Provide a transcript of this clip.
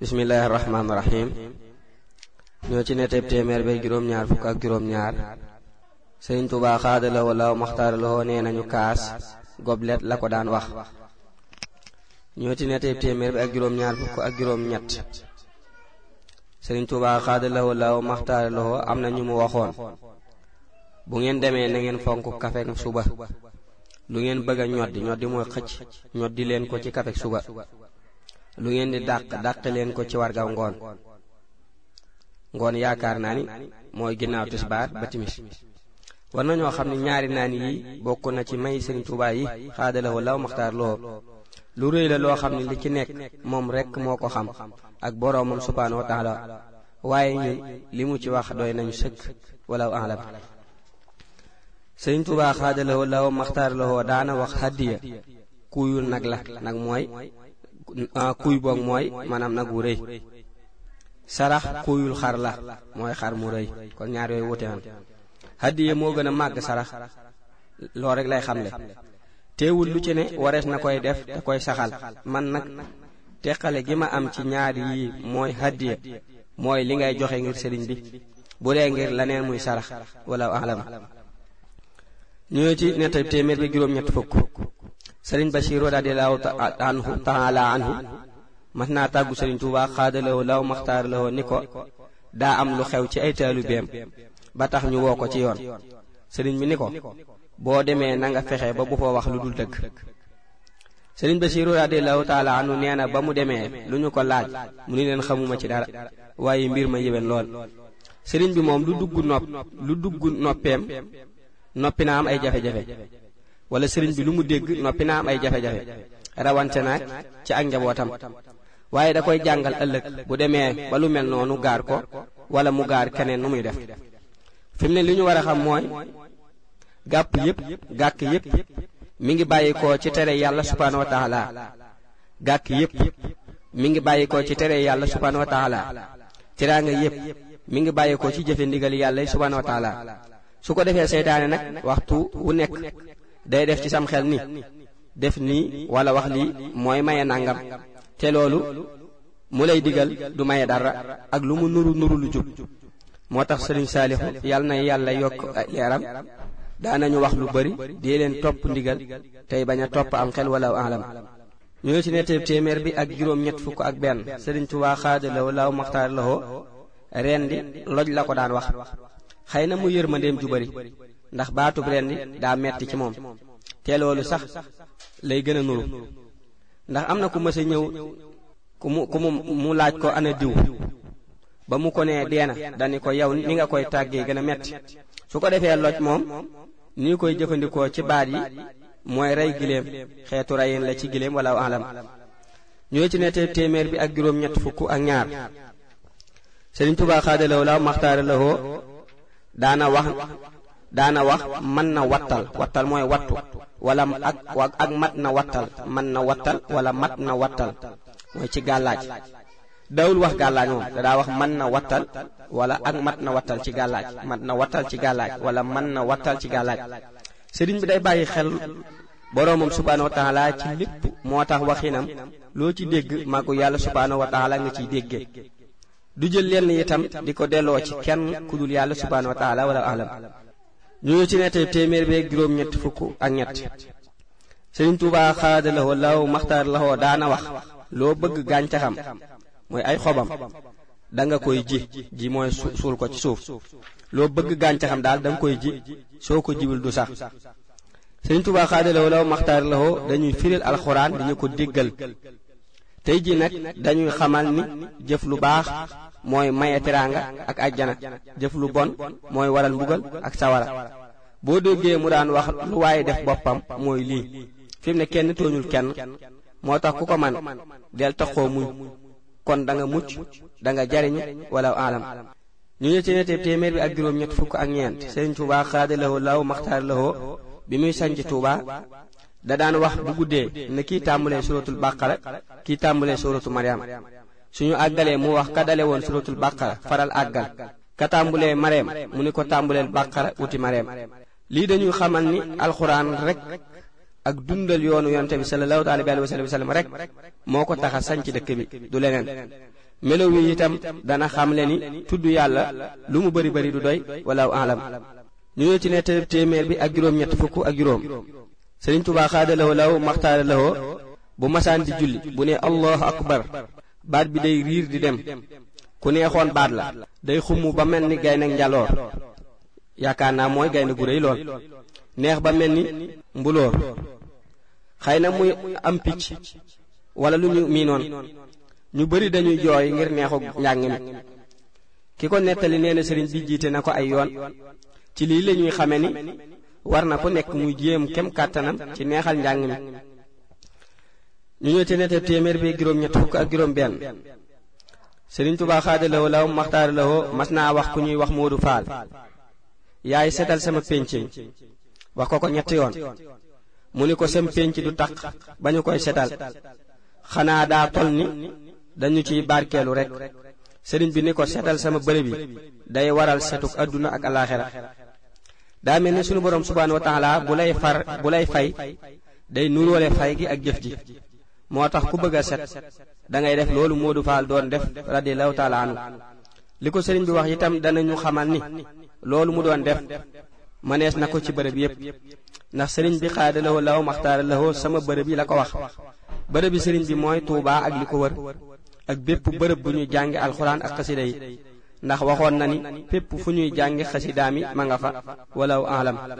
bismillahi rahmaani ñoo ci netteeb téeméer beeg juróom ak juróom-ñaar sëriñ Tuubaa xaadala wala maxtaaraloo nee nañu kaas goblet la ko daan wax ñoo ci netteeb téeméer bi ak juróom-ñaar fukk ak juróom-ñett sëriñ Tuubaa xaadala am na ñu mu waxoon bu ngeen demee na ngeen fonk kafek suba lu ngeen bëgg a ñoddi ñoddi mooy xëcc ñoddi leen ko ci kafek suba lu ngeen di dàq dàqi leen ko ci wargaw ngoon ngoon yaakaar naa ni mooy ginnaaw tisbaar ba timis war nañoo xam ne ñaari naan yi bokk na ci may sëriñ Tuubaa yi xaadalawoo law maxtaar loo lu réy la loo xam ne li ci nekk moom rekk moo ko xam ak boroomam subhaanahu wa waaye ñun li mu ci wax doy nañu sëkk walaw alam sëriñ Tuubaa xaadalawoo law maxtaar loo daana wax hadiya kuyul nag la nag mooy Ah, kuy boog mooy maanaam nag wu rëy sarax kuyul xar la mooy xar mu rëy kon ñaar yooyu wute nan hadiye moo gën a màgg sarax loo rek lay xamle teewul lu ci ne warees na koy def te koy saxal man nag teqale gi ma am ci ñaar yi mooy hadiye mooy li ngay joxe ngir sëriñ bi bu dee ngir laneen muy sarax wala alam ñoo ci netta téeméer bi juróom-ñett fukk sëriñ ba radiyallahu anhu taala mas naa tàggu sëriñ Tuubaa xaadalawo law maxtaar lawo ni ko daa am lu xew ci ay taalibeem ba tax ñu woo ko ci yoon sëriñ bi ni ko boo demee na fexe ba bu fa wax lu dul dëgg sëriñ Basiiru radiyallahu nee na ba mu demee lu ñu ko laaj mu ni leen xamuma ci dara waaye mbir ma yéwén lool sëriñ bi moom lu dugg nopp lu dugg noppeem noppi na am ay jafe-jafe wala sëriñ bi lu mu dégg noppi naa am ay jafe-jafe rawante naag ci ak njabootam waaye da koy jàngal ëllëg bu demee ba lu mel noonu gaar ko wala mu gaar keneen nu muy def fi mu ne li ñu war a xam mooy gàpp yépp gàkk yépp mi ngi bàyyi ko ci tere yàlla subhaanahu wa taala gàkk yépp mu ngi bàyyi ko ci tere yàlla subhaanahu wa taala tiraanga yépp mi ngi bàyyi ko ci jëfe ndigal yàlla subhaanahu wa taala su ko defee seytaane nag waxtu wu nekk day def ci sam xel ni def nii wala wax lii mooy maye nangam te loolu mu lay digal du maye dara ak lu mu nuru nuru lu jub moo tax sëriñ saalixu yàlla na yàlla yokk leeram daanañu wax lu bari dee leen topp ndigal tey bañ a topp am xel wala alam ñu ngi ci netteeb téeméer bi ak juróom ñett fukk ak benn sëriñ Tuubaa xaadalaw laaw maxtaar laxoo reen di loj la ko daan wax xëy na mu yërmandeem ju bari ndax baatub rendi daa metti ci moom te loolu sax lay gën a nuru ndax am na ku mës a ñëw ku mu ku mu mu laaj ko ana diw ba mu ko nee deena dani ko yow ni nga koy tàggee gën a metti su ko defee loj moom ni koy jëfandikoo ci baat yi mooy rey giléem xeetu reyin la ci giléem wala alam ñoo ci ne téeméer bi ak juróom ñett fukk ak ñaar Sëriñ Tuubaa xaadalaw daana wax daana wax mën na wattal wattal mooy wattu wala ak ak mat na wattal mën na wattal wala mat na wattal mooy ci gàllaaj dawul wax gàllaaj da daa wax mën na wattal wala ak mat na wattal ci gàllaaj mat na wattal ci gàllaaj wala mën na wattal ci gàllaaj sëriñ bi day bàyyi xel boroomam subhaanahu wa taala ci lépp moo tax waxinam loo ci dégg màggu yàlla subhaanahu wa taala nga ciy déggee du jël lenn itam di ko delloo ci kenn ku dul yàlla subhaanahu wa taala wala ñu ci nettali téeméer bi ak juróom ñetti fukk ak ñett sëriñ Tuubaa xaada laxoo law maxtaar laxoo daana wax loo bëgg gàncaxam mooy ay xobam da nga koy ji ji mooy suul ko ci suuf loo bëgg gàncaxam daal da nga koy ji soo ko jiwul du sax sëriñ Tuubaa xaada laxoo law maxtaar laxoo dañuy firil alxuraan dañu ko diggal tey ji nag dañuy xamal ni jëf lu baax mooy maye teraanga ak ajjana jëf lu bon mooy waral mbugal ak sawara boo déggee mu daan wax lu waaye def boppam mooy lii fi mu ne kenn tooñul kenn moo tax ku ko man del taxoo muñ kon da nga mucc da nga jariñu wala alam ñu ñe ci netteb téeméer bi ak juróom ñett fukk ak ñeent Sëriñ Tuubaa xaada lahoo law maxtaar lahoo bi muy sanc Tuubaa da daan wax bu guddee na kii tàmbalee suratul baqara kii tàmbalee suratu mariam suñu àggalee mu wax ka dale woon suratul baqara faral àggal ka tàmbulee mareem mu ni ko tàmbuleel baqara uti mareem lii dañuy xamal ni alxuraan rek ak dundal yoonu yonte bi sallallahu alayhi wa sallam rek moo ko tax a sanc dëkk bi du leneen melo wi itam dana xamle ni tudd yàlla lu mu bari bari du doy walaaw alam ñu ne ci téeméer bi ak juróom ñett fukk ak juróom sëriñ Tuubaa xaadalawoo law maxtaaralawoo bu masaan di julli bu ne allah akbar baat bi day riir di dem ku neexoon baat la day xumm ba mel ni gaynde njaloor yaakaar naa mooy gaynde gu réy lool neex ba mel ni mbulóor xëy na muy am picc wala lu ñu miinoon ñu bari dañuy jooy ngir neexu njàng mi ki ko nettali nee na sëriñ bi jiite na ko ay yoon ci lii la ñuy xame ni war na ku nekk muy jéem kem kàttanam ci neexal njàng mi ñu ñëw ci téeméer bi juróom ñett fukk ak juróom benn sëriñ tubaa xaada lawoo law maxtaara lawoo mas naa wax ku ñuy wax moodu faal yaay setal sama pénc wax ko ko ñetti yoon mu ni ko sam pénc du taq ba ñu koy setal xanaa daa tol ni dañu ciy barkeelu rek sëriñ bi ni ko setal sama bëre bi day waral setuk adduna ak alaxira daa mel ni sunu borom subhaanahu wa taala bu lay far bu lay fay day nuroole fay gi ak jëf ji moo tax ku bëgg a set da def loolu Modou Fall doon def radiyallahu taala li ko sëriñ bi wax itam danañu xamal ni loolu mu doon def mënees na ko ci bërëb yépp ndax sëriñ bi xaadalawoo law maxtaara lawoo sama bërëb yi la ko wax bërëb yi sëriñ bi mooy tuuba ak li ko wër ak bépp bërëb bu ñuy jàngi alxuraan ak xasida yi ndax waxoon na ni bépp fu ñuy jàngi xasidaami ma nga fa walaw alam